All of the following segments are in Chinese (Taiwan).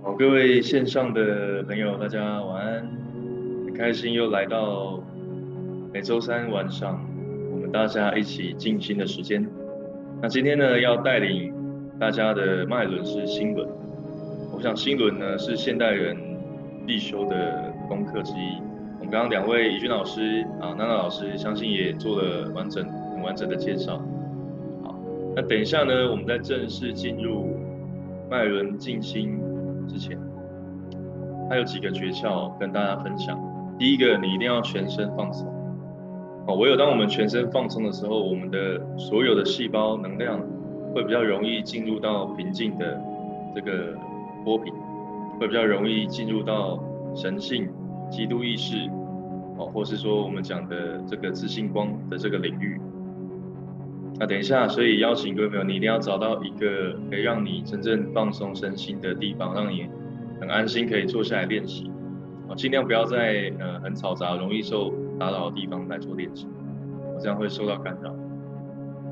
好，各位線上的朋友，大家晚安，很開心又來到每周三晚上我們大家一起靜心的時間。那今天呢，要帶領大家的脈輪是心輪。我想心輪呢是現代人必修的功課之一。我們剛剛兩位宜君老師啊，娜娜老師，相信也做了完整很完整的介紹。好，那等一下呢，我們再正式進入脈輪靜心。之前，還有幾個訣竅跟大家分享。第一個，你一定要全身放鬆。哦，唯有當我們全身放鬆的時候，我們的所有的細胞能量會比較容易進入到平靜的這個波頻，會比較容易進入到神性、基督意識，哦，或是說我們講的這個自信光的這個領域。那等一下，所以邀請各位朋友，你一定要找到一個可以讓你真正放鬆身心的地方，讓你很安心可以坐下來練習。盡量不要在呃很嘈雜、容易受打擾的地方來做練習，我這樣會受到干擾。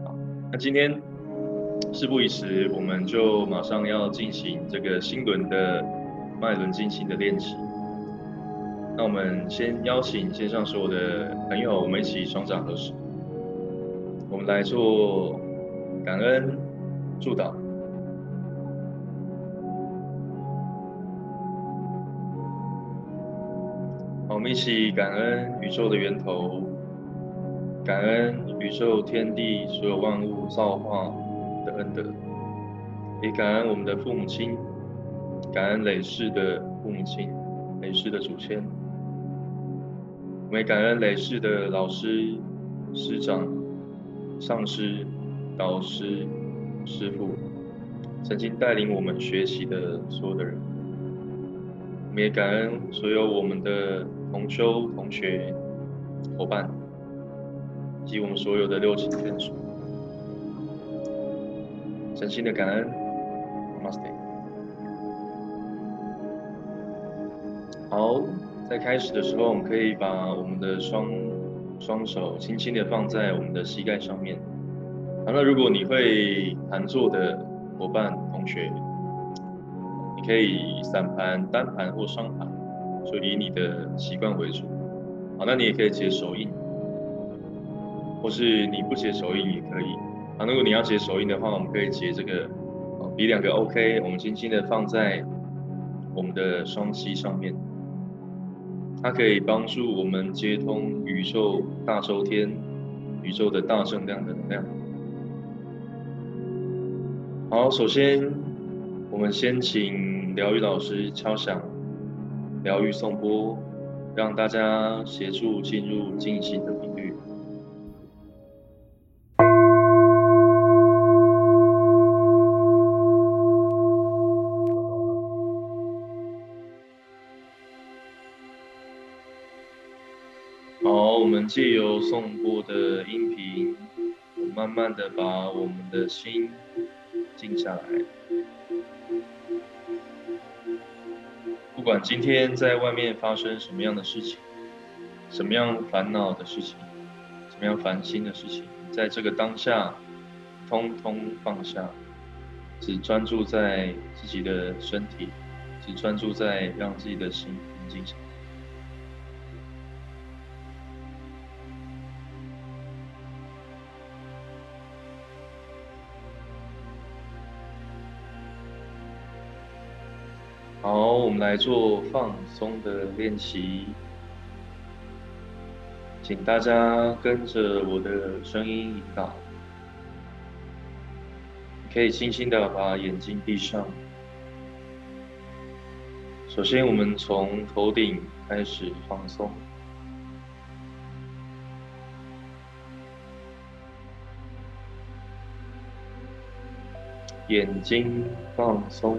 好，那今天事不宜遲，我們就馬上要進行這個心輪的脈輪進行的練習。那我們先邀請線上所有的朋友，我們一起雙掌合十。我們來做感恩祝禱。好，我們一起感恩宇宙的源頭，感恩宇宙天地所有萬物造化的恩德，也感恩我們的父母親，感恩累世的父母親，累世的祖先，我們也感恩累世的老師、師長。上師、導師、師父，曾經帶領我們學習的所有的人，我們也感恩所有我們的同修、同學、夥伴，及我們所有的六親眷屬，真心的感恩。Master，好，在開始的時候，我們可以把我們的雙。雙手輕輕地放在我們的膝蓋上面。那如果你會盤坐的夥伴同學，你可以散盤、單盤或雙盤，就以你的習慣為主。好，那你也可以結手印，或是你不結手印也可以。啊，如果你要結手印的話，我們可以結這個比兩個 OK，我們輕輕地放在我們的雙膝上面。它可以幫助我們接通宇宙大周天、宇宙的大正量的能量。好，首先我們先請療癒老師敲響療癒頌缽，讓大家協助進入靜心的。借由頌缽的音頻，我慢慢的把我們的心靜下來。不管今天在外面發生什麼樣的事情，什麼樣煩惱的事情，什麼樣煩心的事情，在這個當下，通通放下，只專注在自己的身體，只專注在讓自己的心平靜下來。好，我們來做放鬆的練習，請大家跟着我的聲音引導，可以輕輕的把眼睛閉上。首先，我們從頭頂開始放鬆，眼睛放鬆。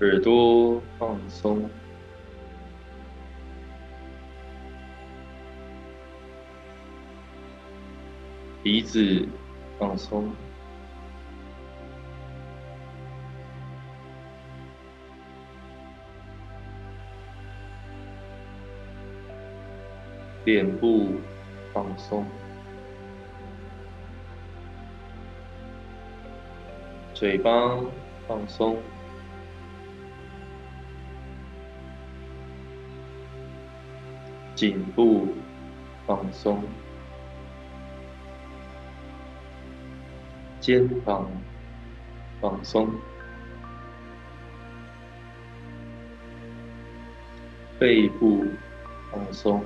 耳朵放鬆，鼻子放鬆，臉部放鬆，嘴巴放鬆。頸部放鬆，肩膀放鬆，背部放鬆，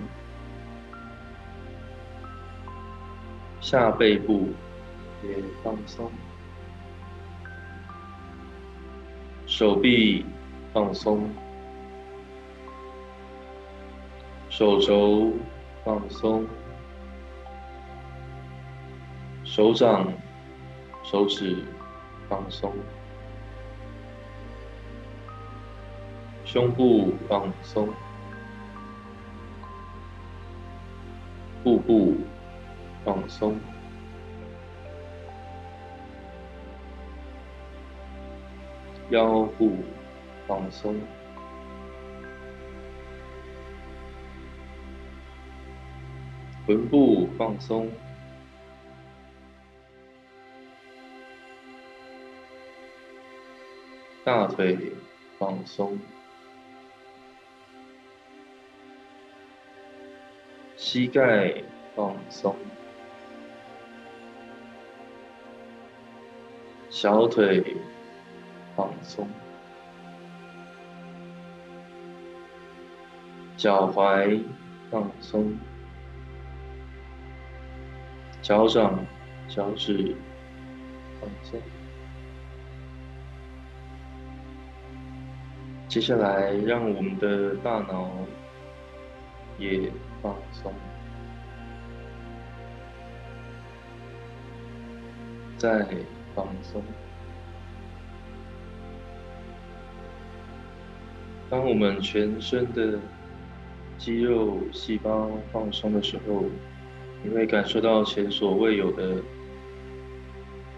下背部也放鬆，手臂放鬆。手肘放鬆，手掌、手指放鬆，胸部放鬆，腹部放鬆，腰部放鬆。臀部放鬆，大腿放鬆，膝蓋放鬆，小腿放鬆，腳踝放鬆。腳掌、腳趾放鬆。接下來，讓我們的大腦也放鬆，再放鬆。當我們全身的肌肉細胞放鬆的時候，你會感受到前所未有的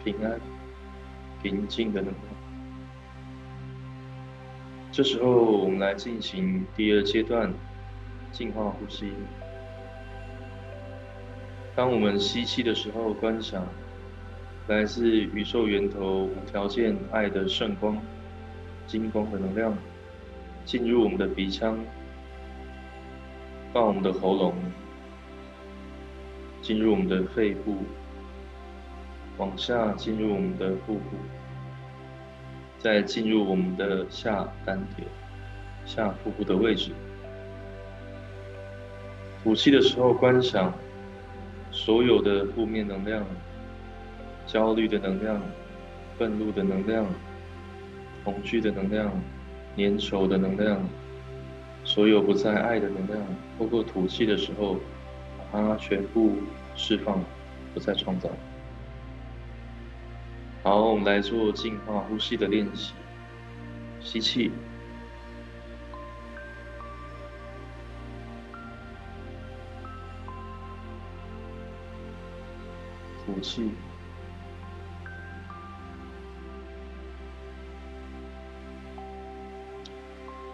平安、平靜的能量。這時候，我們來進行第二階段淨化呼吸。當我們吸氣的時候，觀想來自宇宙源頭無條件愛的聖光、金光的能量進入我們的鼻腔，到我們的喉嚨。進入我們的肺部，往下進入我們的腹部，再進入我們的下丹田、下腹部的位置。吐氣的時候，觀想所有的負面能量、焦慮的能量、憤怒的能量、恐懼的能量、粘稠的能量，所有不在愛的能量，透過吐氣的時候。它全部釋放，不再創造。好，我們來做淨化呼吸的練習。吸氣，吐氣。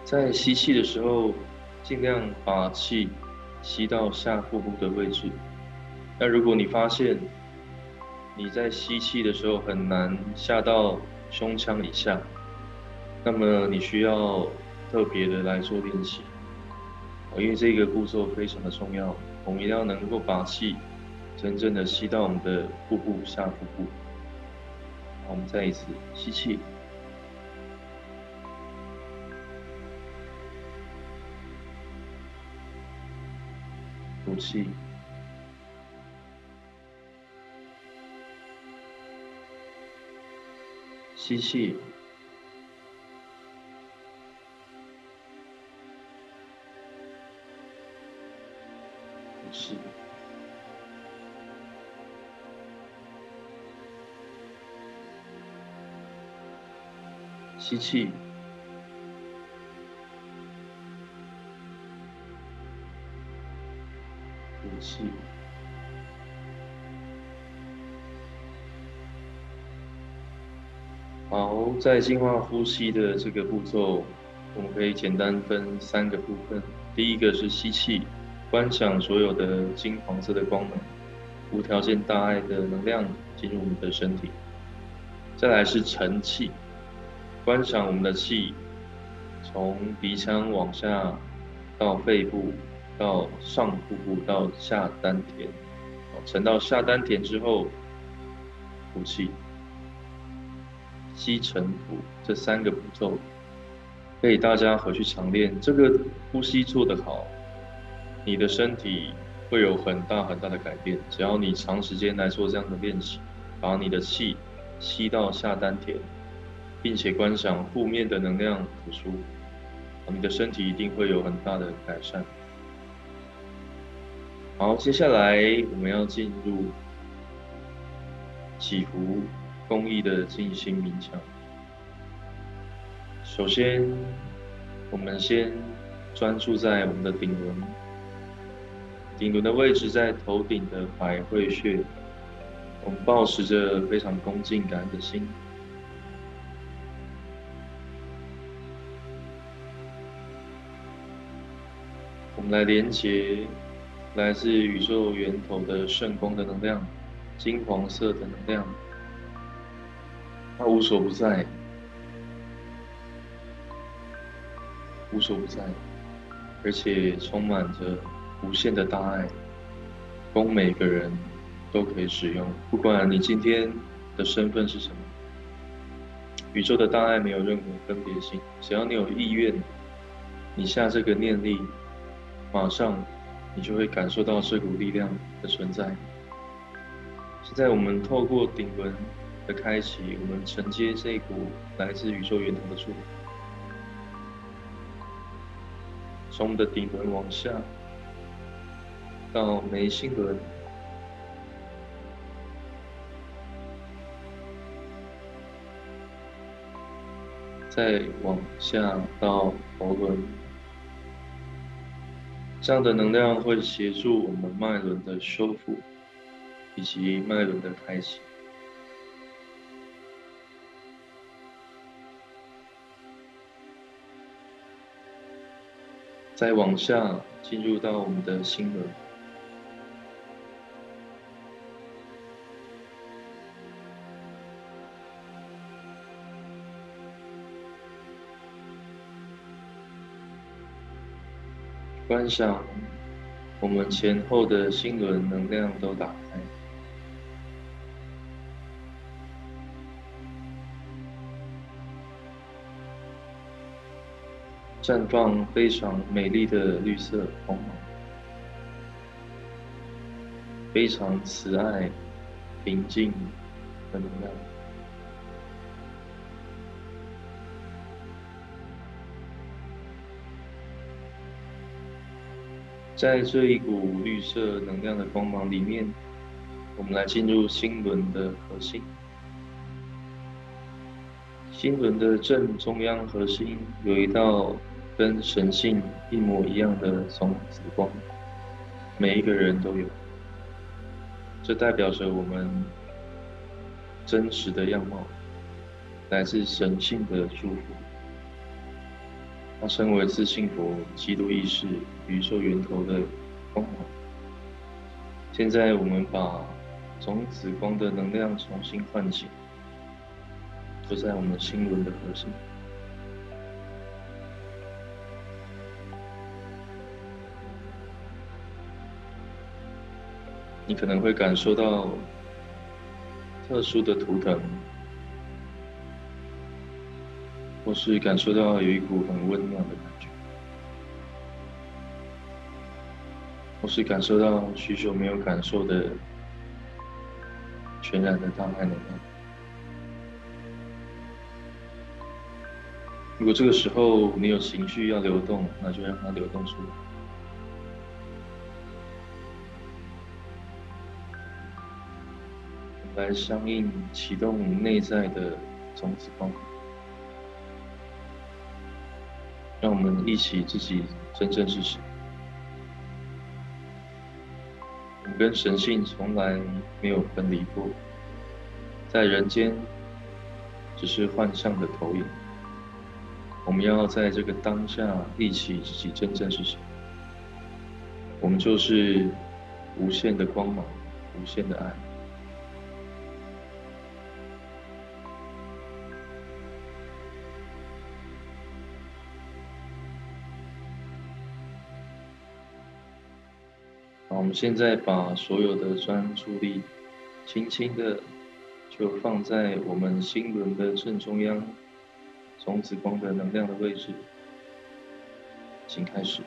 在吸氣的時候，盡量把氣。吸到下腹部的位置。那如果你發現你在吸氣的時候很難下到胸腔以下，那麼你需要特別的來做練習，因為這個步驟非常的重要。我們一定要能夠把氣真正的吸到我們的腹部下腹部。好，我們再一次吸氣。呼氣，吸氣，呼氣，吸氣。氣。好，在淨化呼吸的這個步驟，我們可以簡單分三個部分。第一個是吸氣，觀想所有的金黃色的光芒，無條件大愛的能量進入我們的身體。再來是沉氣，觀想我們的氣從鼻腔往下到肺部。到上腹部部到下丹田，沉到下丹田之後，呼氣，吸沉吐這三個步驟，可以大家回去常練。這個呼吸做得好，你的身體會有很大很大的改變。只要你長時間來做這樣的練習，把你的氣吸到下丹田，並且觀想負面的能量吐出，你的身體一定會有很大的改善。好，接下來我們要進入祈福公益的靜心冥想。首先，我們先專注在我們的頂輪。頂輪的位置在頭頂的百會穴。我們抱持着非常恭敬感恩的心，我們來連接。來自宇宙源頭的聖光的能量，金黃色的能量，它無所不在，無所不在，而且充滿着無限的大愛，供每個人都可以使用。不管你今天的身份是什麼，宇宙的大愛沒有任何分別心。只要你有意願，你下這個念力，馬上。你就會感受到這股力量的存在。現在我們透過頂輪的開啟，我們承接這一股來自宇宙源頭的祝福，從我們的頂輪往下到眉心輪，再往下到喉輪。這樣的能量會協助我們脈輪的修復，以及脈輪的開啟。再往下進入到我們的心輪。觀想我們前後的心輪能量都打開，綻放非常美麗的綠色光芒，非常慈愛、平靜的能量。在這一股綠色能量的光芒裡面，我們來進入心輪的核心。心輪的正中央核心有一道跟神性一模一樣的種子光，每一個人都有。這代表着我們真實的樣貌，來自神性的祝福。它稱為自信佛、基督意識、宇宙源頭的光芒。現在我們把種子光的能量重新喚醒，就在我們心輪的核心。你可能會感受到特殊的圖騰。或是感受到有一股很溫暖的感覺，或是感受到許久沒有感受的全然的大愛能量。如果這個時候你有情緒要流動，那就讓它流動出來，來相應啟動內在的種子光。讓我們一起自己真正是誰？我們跟神性從來沒有分離過，在人間只是幻象的投影。我們要在這個當下一起自己真正是誰？我們就是無限的光芒，無限的愛。我們現在把所有的專注力，輕輕地就放在我們心輪的正中央，種子光的能量的位置，請開始。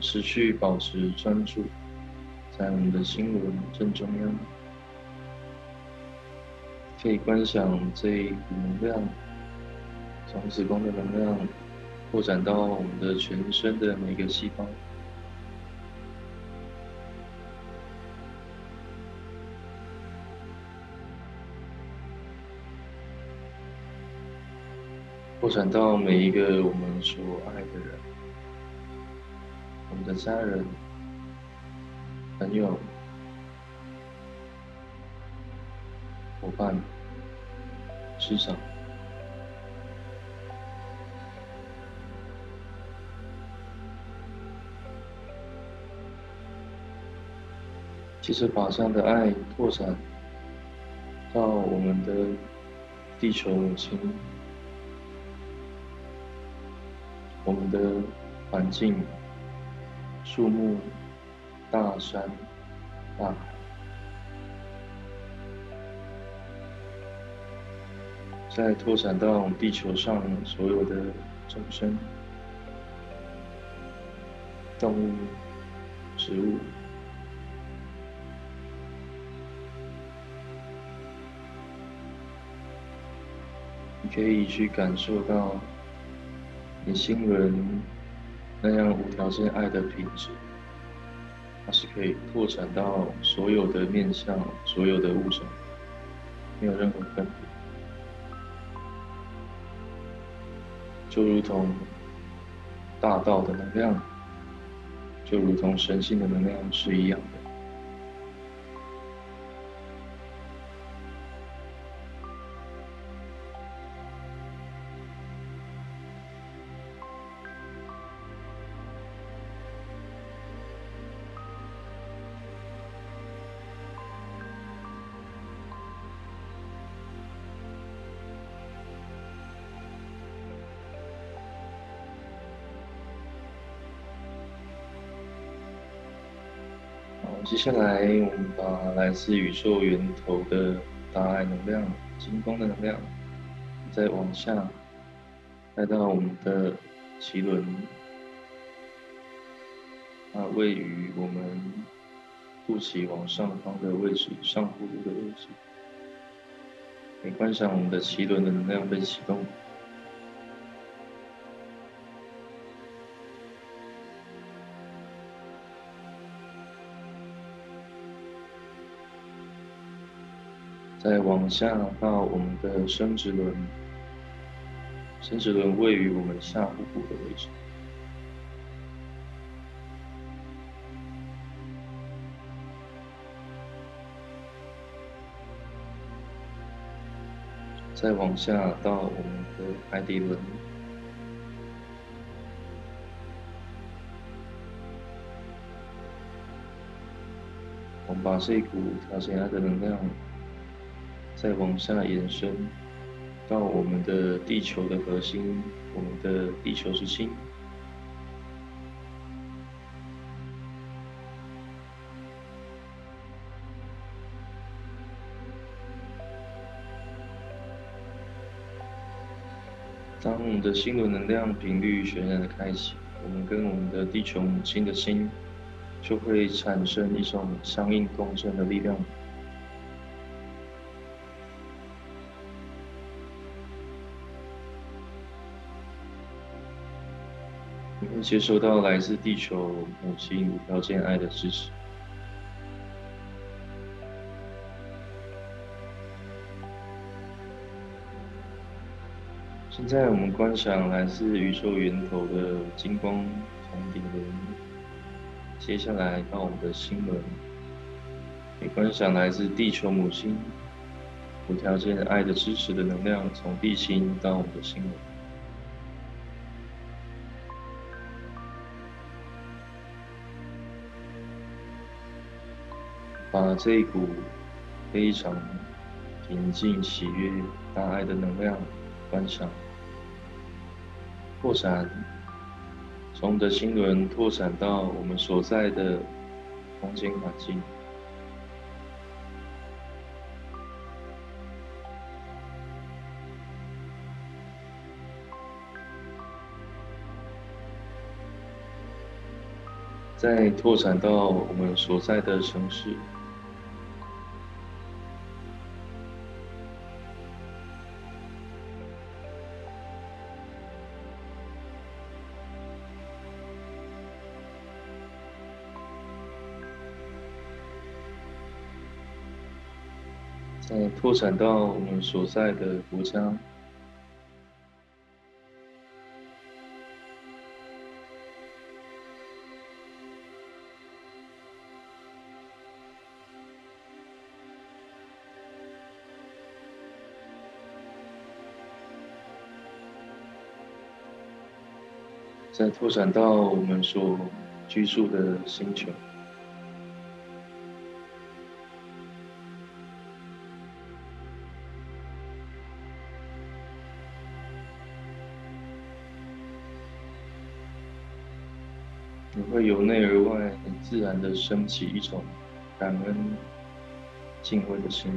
持續保持專注，在我們的心輪正中央，可以觀想這一股能量從子宮的能量擴展到我們的全身的每一個細胞，擴展到每一個我們所愛的人。的家人、朋友、夥伴、師長，其實把這樣的愛擴散到我們的地球母親、我們的環境。樹木、大山、大海，再拓展到地球上所有的眾生、動物、植物，你可以去感受到你心輪。那樣無條件愛的品質，它是可以拓展到所有的面向、所有的物種，沒有任何分別，就如同大道的能量，就如同神性的能量是一樣的。接下來，我們把來自宇宙源頭的大愛能量、金光的能量，再往下，來到我們的臍輪。它、啊、位於我們肚臍往上方的位置，上腹部的位置。你觀賞我們的臍輪的能量被啟動。再往下到我們的生殖輪，生殖輪位於我們下腹部，部的位置。再往下到我們的海底輪，我們把這一股調節它的能量。再往下來延伸，到我們的地球的核心，我們的地球之心。當我們的心輪能量頻率全然的開啟，我們跟我們的地球母親的心，就會產生一種相應共振的力量。接收到來自地球母親無條件愛的支持。現在我們觀賞來自宇宙源頭的金光從頂輪。接下來到我們的心輪，也觀賞來自地球母親無條件愛的支持的能量，從地心到我們的心輪。把這一股非常平靜、喜悅、大愛的能量，觀賞、拓展，從我的心輪拓展到我們所在的空間環境，再拓展到我們所在的城市。拓展到我們所在的國家，再拓展到我們所居住的星球。會由內而外，很自然的升起一種感恩、敬畏的心。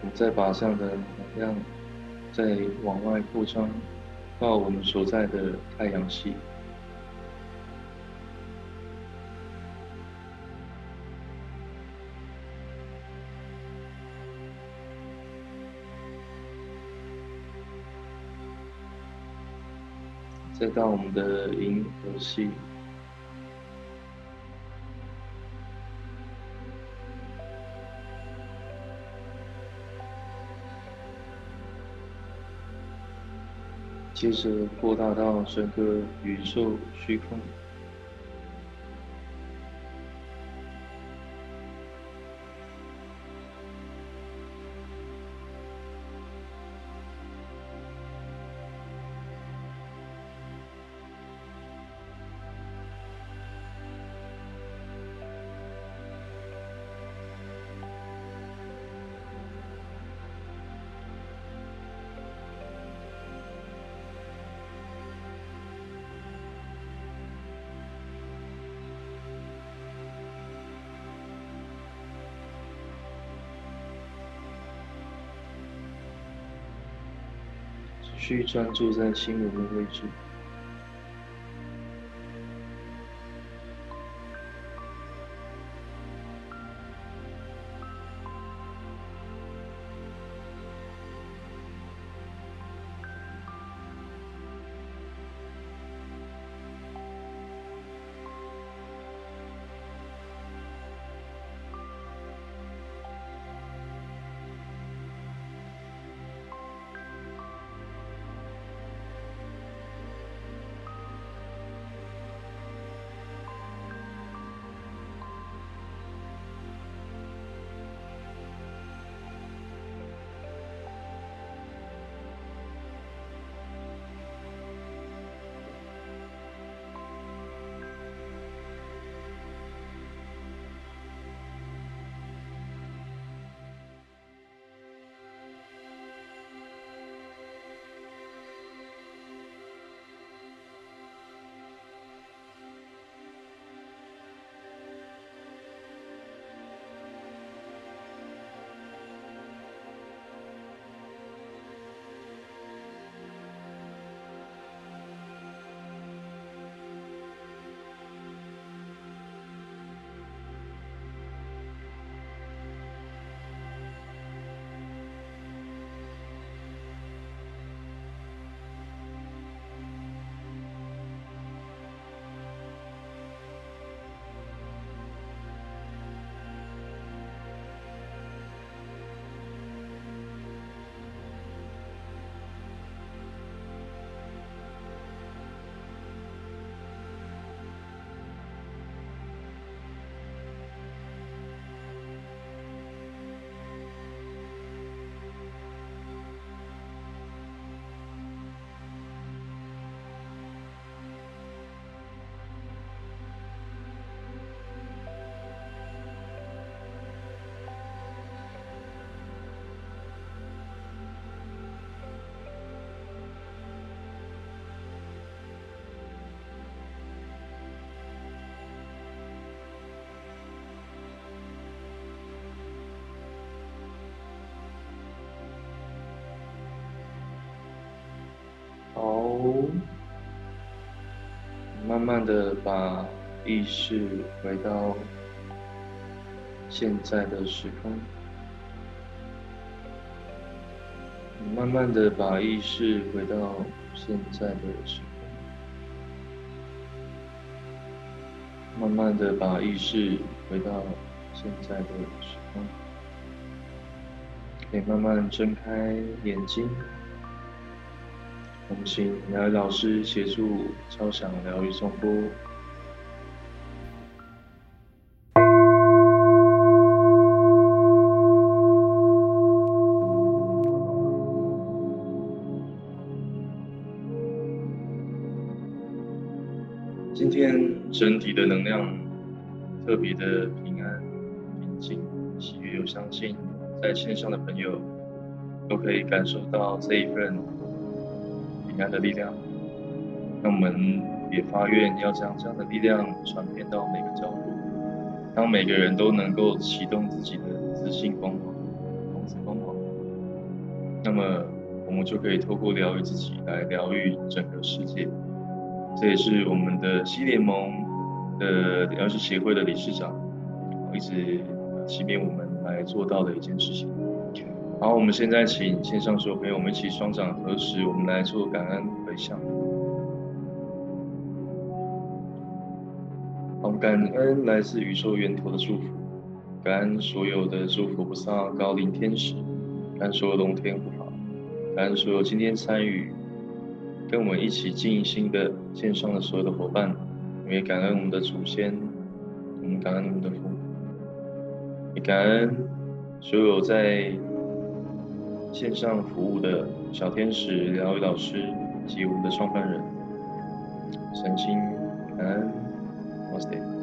我們再把這樣的能量再往外擴張，到我們所在的太陽系。再到我們的銀河系，接着擴大到整個宇宙虛空。去專注在心輪的位置。哦，慢慢的把意識回到現在的時空。慢慢的把意識回到現在的時空。慢慢的把意識回到現在的時空。可以慢慢睜開眼睛。我們請兩位老師協助敲響療癒頌缽。今天整體的能量特別的平安、平靜、喜悅又相信，在線上的朋友都可以感受到這一份。愛的力量，那我們也發願要將這樣的力量傳遍到每個角落，讓每個人都能夠啟動自己的自信光芒、無私光芒，那麼我們就可以透過療癒自己來療癒整個世界。這也是我們的新聯盟的療癒協會的理事長一直期勉我們來做到的一件事情。好，我們現在請線上所有朋友，我們一起雙掌合十，我們來做感恩回向。我們感恩來自宇宙源頭的祝福，感恩所有的諸佛菩薩、高靈天使，感恩所有龍天護法，感恩所有今天參與跟我們一起進行的線上的所有的夥伴，我們也感恩我們的祖先，我們感恩我們的父母，也感恩所有在線上服務的小天使、療癒老師及我們的創辦人陳清楠，我是 t a y